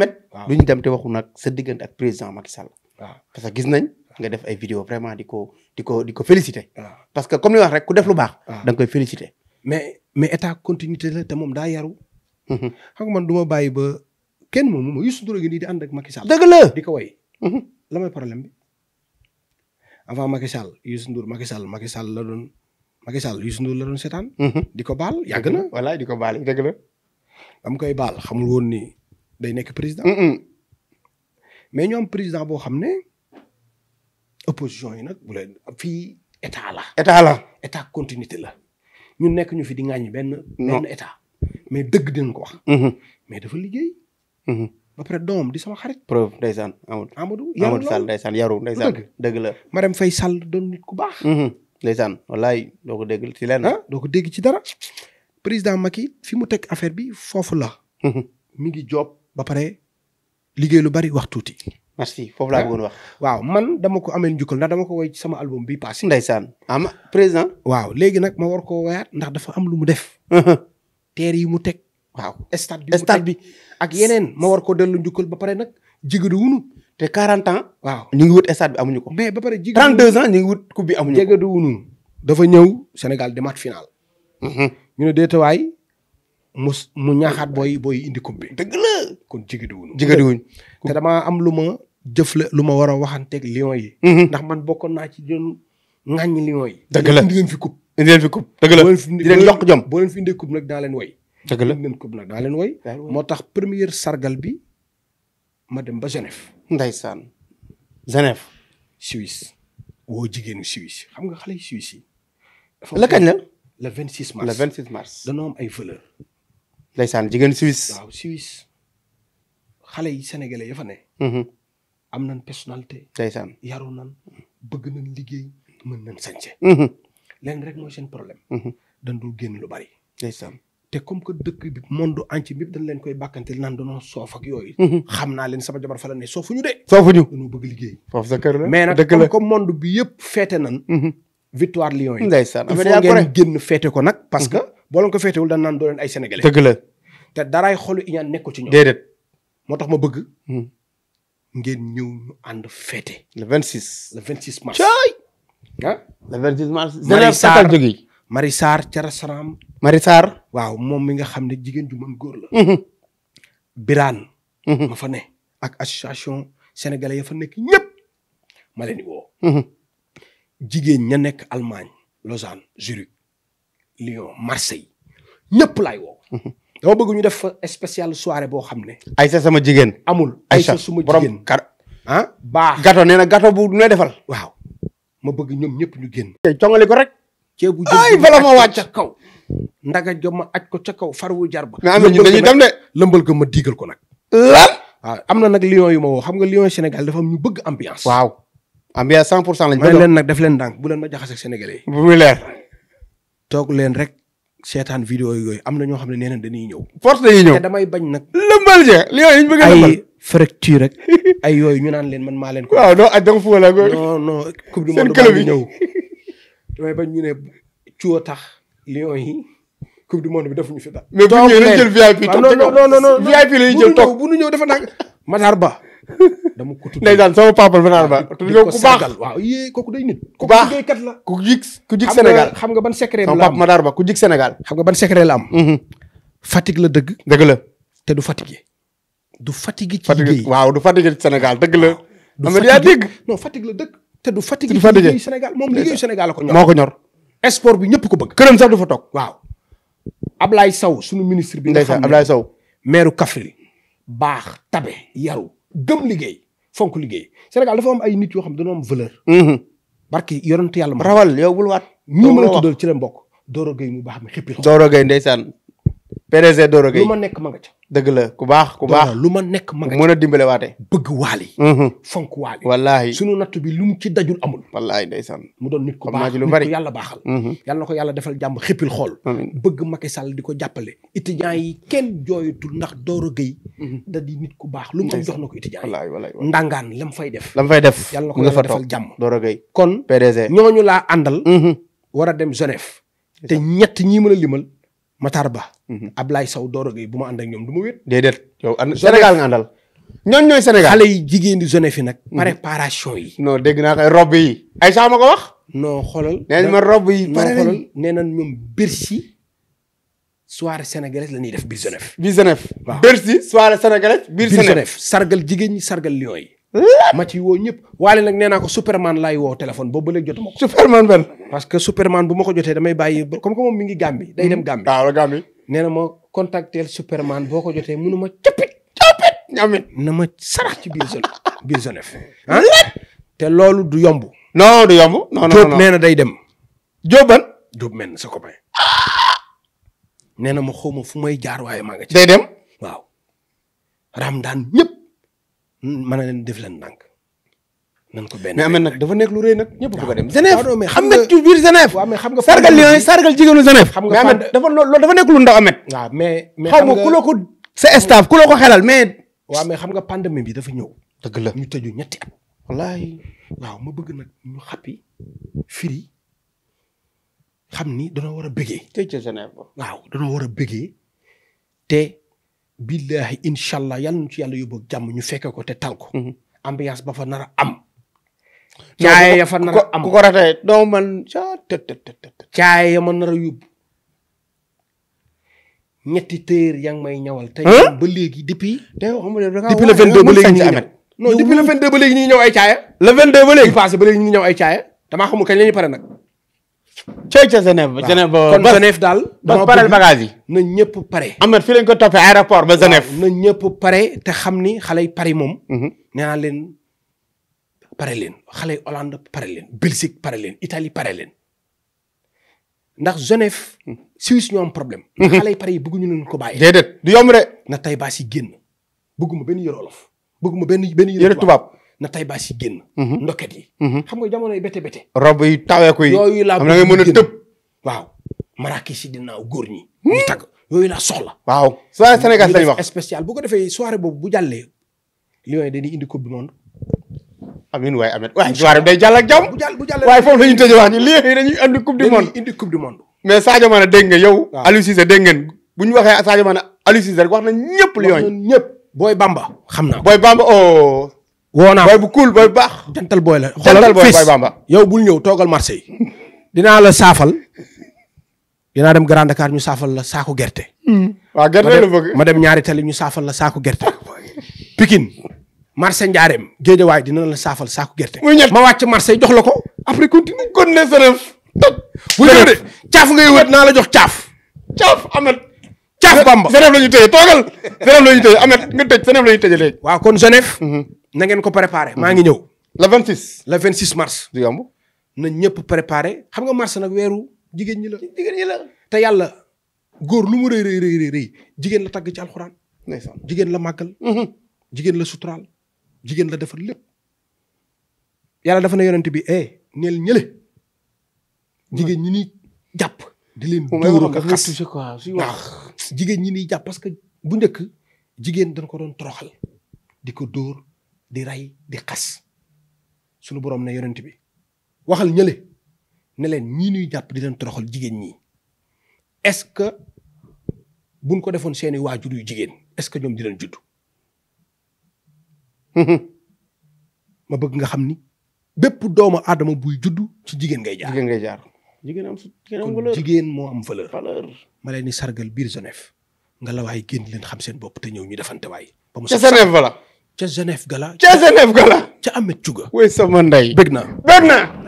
met lu ñu dem te waxu nag sa diggante ak président Macky Sall. waaw parce que gis nañ nga def ay vidéo vraiment di ko di parce que comme li wax rek ku def lu baax. da nga koy féliciter. mais mais état continuité la te moom daa yaru. Mhm. xam nga man du ma bàyyi ba kenn moom mooy Youssou Ndour gi nii la di ko way. Mhm. la mooy problème bi avant Macky Sall Youssou Ndour Macky Sall Macky la doon Macky Sall Youssou la doon seetaan. Mhm. di ko baal yàgg na. voilà di ko baal yàgg na. am koy baal xamul woon ni. day nekk président. mais ñoom président boo xam ne opposition yi nag bu fii état la. état la état continuité la ñun nekk ñu fi di ŋàññi benn. benn état mais dëgg dinañ ko wax. Mm-hmm. mais dafa liggéey. Mm-hmm. ba pare di sama xarit. preuve ndeysaan Amadou. Amadou yaru Amadou Sall ndeysaan yaru la. Marème Faye Sall doon nit ku baax. Mm-hmm. ndeysaan wallaay doo ko dégg ci lenn. Ah, doo ko dégg ci dara président Macky fi mu teg affaire bi foofu la. mi ngi job ba pare liggéey lu bari wax tuuti. merci foofu laa ah. bëggoon wax. waaw man dama ko amee njukkal ndax dama ko woy ci sama album bi passé. ndeysaan ama président. waaw léegi nag ma war koo woyaat ndax dafa am lu mu def. Uh-huh. teer yi mu teg. waaw stade bi stade bi ak yeneen ma war koo dellu njukkal ba pare nag jigéen wunu te 40 ans. waaw ñu ngi wut stade bi amuñu ko. mais ba pare jigéen 32 ans ñu ngi wut coupe bi amuñu ko. jigéen wunu dafa ñëw Sénégal demaat final. Uh-huh. ñu ne déetawaay mu mu ñaaxaat booy booy indi coupe bi. dëgg kon jigéen jigéen te damaa am lu ma jëfle lu ma war a waxanteeg lion yi. Mhm. ndax man bokkoon naa ci doon ŋàññi lion yi. dëgg la indi leen fi coupe. indi leen fi coupe dëgg la di leen yokk jom boo leen fi indee coupe nag daa leen woy. dëgg la indi leen coupe nag daa leen woy. moo tax première sargal bi ma dem ba Genève. ndeysaan Genève. Suisse woo jigéenu Suisse xam nga xale yi Suisse yi. la kañ la. le 26 mars le 26 mars. danoo am ay valeur. ndeysaan jigéen Suisse. waaw Suisse. xale yi sénégalais ya fa ne. Mm-hmm. am nañ personnalité. ndeysaan yaru nan bëgg nañ liggéey mën nañ sañse. Mm-hmm. leen rek mooy seen problème. Mm-hmm. dañ dul génn lu bari. ndeysaan te comme que dëkk bi monde entier bi dañ leen koy bàkkante naan danoo soof ak yooyu. xam naa leen sama jabar fa la ne soofuñu de. soofuñu dañoo bëgg liggéey. foofu sa kër la mais nag comme que monde bi yëpp feete nan. victoire lion yi. ndeysaan il faut ngeen génn feete ko nag. parce que boo leen ko feetewul dañ naan doo leen ay sénégalais. dëgg la te daraay xolu iñaan nekkul ci ñoom moo tax ma bëgg. Hmm. ngeen ñëw ñu ànd féete. le 26. le 26 mars cooy. ah le 26 mars. Marie Sarr waaw moom mi nga xam ne jigéen ju mën góor la. Hmm. Birane. Hmm. ma fa ne ak association sénégalais ya fa nekk ñëpp ma leen jigéen ña nekk Allemagne Lausanne Zurich Lyon Marseille ñëpp laay woo. dama bëgg ñu def fa spécial soire boo xam ne. Aïcha sama jigéen. amul Aïcha suma jigéen kar ah baax gato nee na gato bu ne defal. waaw ma bëgg ñoom ñëpp ñu génn. tey coŋali ko rek. ceebu jën ma wàcc ca kaw. ndaga jom ma aj ko ca kaw farwu jar ba. am na ñu dañuy dem de. lëmbal ko ma diigal ko nag. lan. waaw am na nag lion yu ma woo xam nga lion Sénégal dafa am ñu bëgg ambiance. waaw ambiance 100 pour cent lañ. bëgg leen nag def leen ndànk bu leen ma jaxasee ak sénégalais yi. bu muy leer. toog leen rek seetaan vidéo yooyu am na ñoo xam ne nee na dañuy ñëw. force dañuy ñëw damay bañ nag. lëmbal ja li yooyu ñu bëgg a lëmbal ay ñu naan leen man maa leen ko. waaw non ak da nga foo la non bi ñëw bañ ñu ne cuwa tax lion yi coupe du monde bi defuñu fi dara. mais bu ñu ñëwee dañu jël VIP toog non non VIP la jël toog bu ñu ñëw dafa nag Matar Ba dama ko tudd ndeysaan sama papa ba naan ba ku baax waaw yee kooku day nit ku jig ku ban secret la am sama papa Madaar ba ku jig Sénégal xam nga ban secret la mhm. Fatick la dëgg dëgg la te du fatigué du fatigué ci liggéey waaw du fatigué ci Sénégal dëgg la am na yaa dégg la dëgg te du fatigué ci liggéeyu Sénégal moom liggéeyu Sénégal la ko ñor moo ko ñor sport bi ñëpp ko bëgg këram sax du fa toog waaw Ablaye saw suñu ministre bi nga xam ne Ablaye Sow maire Kaffrine baax tabe yaru gëm liggéey fonk liggéey a dafa am ay nit yoo xam dañoo am valeur. Mhm. barki yonent yàlla ma. rawal yow bul waat. ñi mën a tuddal ci la mbokk Doro Gueye mu baax mi xippi. Doro Gueye ndeysaan. PDG Doro Gueye lu ma nekk ma nga ca. ku baax ku baax ma nekk ma nga ca mën a dimbale waate bëgg waali mm-hmm. fonk waali wallaahi sunu natt bi lu mu ci dajul amul wallaahi ndeysaan mu doon nit ku baax nit ko yàlla baaxal mm-hmm. yàlla na ko yàlla defal jàmm xéppil xool bëgg Macky di ko jàppale étudiants yi kenn jooyatul ndax Doro Gueye mm-hmm. da di nit ku baax lu mu am jox na ko étudiants yi ndangaan lam fay def lam fay def yàlla na ko yàlla defal jàmm Doro Gueye kon PDG ñooñu laa àndal war a dem Genève te ñett ñii a limal Matar Ba. ab mhm. Ablaye Sow Doro Gueye bu ma ànd ak ñoom du ma wét. déedéet yow ànd Sénégal nga àndal. ñoon ñooy Sénégal xale yi jigéen di zone fi nag. Mhm. préparation yi. non dégg naa kay rob yi. ay sax ma ko wax. noo xoolal. nee ma rob yi pare nee na ñoom Bercy. soirée sénégalaise la ñuy def biir Genève. biir Genève waaw Bercy soirée sénégalaise biir Genève sargal jigéen ñi sargal lion yi. ma ci woo ñëpp. waale nag nee naa ko Superman laay woo téléphone boobu ba léegi jotuma Superman benn. parce que Superman bu ma ko jotee damay bàyyi comme que moom mi ngi Gàmbi day dem Gàmbi hmm. waaw nee na ma contactel Superman boo ko jotee mënu ma coppit coppit ñamit na ma sarax ci biir zone ah? te loolu du yomb non du yomb non non Diop nee na day dem Diop ban Diop mel na sa ko nee na ma xaw fu may jaar waaye maa nga ci day dem waaw Ramadan ñëpp mën na leen def leen ndànk nan ko benn mais am nag dafa nekk lu rëy nag ñëpp bëgg a dem ah, Genève xam nga ci biir Genève waaw mais xam nga sargal lion yi sargal jigéenu Genève xam nga dafa loolu dafa nekk lu ndaw amet waaw mais mais xaw ma ku la ko sa staff ku ko xelal mais waaw mais nga pandémie bi dafa ñëw dëgg la ñu tëju ñetti at wallaay waaw ma bëgg nag ñu xappi firi xam ni danoo war a bëggee tey war a bëggee te billaahi incha allah yàlla ñu ci yàlla yóbbu jàmm ñu fekke ko te tal ko mm-hmm. ambiance ba fa nar a am caaya ya fa nar a am ku ko ratee doo man caa tët tët tët caaya a yóbbu ñetti téer yaa ngi may ñawal. tey ba léegi depuis. tey xam nga depuis le 22 ba ñu ngi ñëw non ba léegi ñu ngi ñëw ay caaya. le 22 ba léegi passé ba léegi ñu ngi ñëw ay caaya damaa xamul kañ la ñuy pare nag. cooy ca Genève ba Genève daal. ba pareel bagage yi. na ñëpp pare. Amath fi lañ ko toppee aéroport ba Genève. na ñëpp pare te xam ni xale yi Paris moom. Mhm. nee pare leen xale yi Hollande leen Belgique pare leen Italie pare leen ndax Genève Suisse ñoo am problème. xale yi pare yi bëgguñu leen ko bàyyi. déedéet du yomb na tay baas yi génn ma benn yëre olof ma benn benn yëre tubaab na tay baas mhm. yi génn. ndokket yi. xam nga jamono yi bete bete. rob yi taweeku yi yooyu laa bëgg mën a tëb waaw Marrakech yi dinaaw góor ñi. Hmm? ñu tagg yooyu laa soxla. waaw soirée Sénégal lañ wax spécial bu ko defee soirée boobu bu jàllee Lions yi dañuy indi coupe du monde waaye amin waaye Ivoire day jàll ak jàmm. bu jàll bu jàll waaye foofu la ñuy tëjee wax ni lii dañuy andi coupe du monde indi coupe dégg nga yow. waaw Aliou dégg ngeen bu ñu waxee Sadio Mané wax nañ ñëpp li yooyu. ñëpp booy Bamba xam na booy Bamba oh. woo naa booy bu kuul booy bu baax. jantal booy la jantal booy booy Bamba yow bul ñëw toogal Marseille dinaa la saafal dinaa dem Grand Dakar ñu saafal la saako gerte. Hmm. waaw gerte ma dem ñaari tali ñu saafal la saako gerte Pikine marché njaareem géejawaay dina la saafal saaku gerte. muy ñett ma wàcc marché jox la ko. après continue kon ne fërëf. bu ñëwee caaf ngay wët naa la jox caaf. caaf amet. caaf bamba fenef la ñu tëye toogal. fenef la ñu tëye amet nga tëj fenef la ñu tëjee léegi. waaw kon Genève. Mhm. na ngeen ko préparé. maa mhm. ngi ñëw. le 26. le 26 mars. di yomb na ñëpp préparé. xam nga mars nag weeru jigéen ñi la. jigéen ñi la te yàlla góor lu mu rëy rëy rëy rëy jigéen la tagg ci alxuraan. ndeysaan jigéen la màggal. Mhm. jigéen la suturaal. jigéen la defal lépp yàlla dafa na yonent bi eh neel ñële jigéen ñi ni jàpp di leen dóor ak xas waaw jigéen ñi ni jàpp parce que bu njëkk jigéen dañ ko doon toroxal di ko dóor di rey di xas sunu borom ne yonent bi waxal ñële ne leen ñii ñuy jàpp di leen toroxal jigéen ñi est-ce que buñ ko defoon seeni waajur yu jigéen est-ce que ñoom di leen judd ma bëgg nga xam ni bépp doomu aadama buy juddu ci jigéen ngay jaar jigéen ngay jaar. jigéen am jigéen am valeur moo am valeur. ma leen ni sargal biir Genève. nga la waay génn leen xam seen bopp te ñëw ñu defante waay. ba mu ca Genève gala. ca Genève gala. ca Genève gala. ca Ameth Thiouga. woy sama ndey. bëgg naa bëgg naa.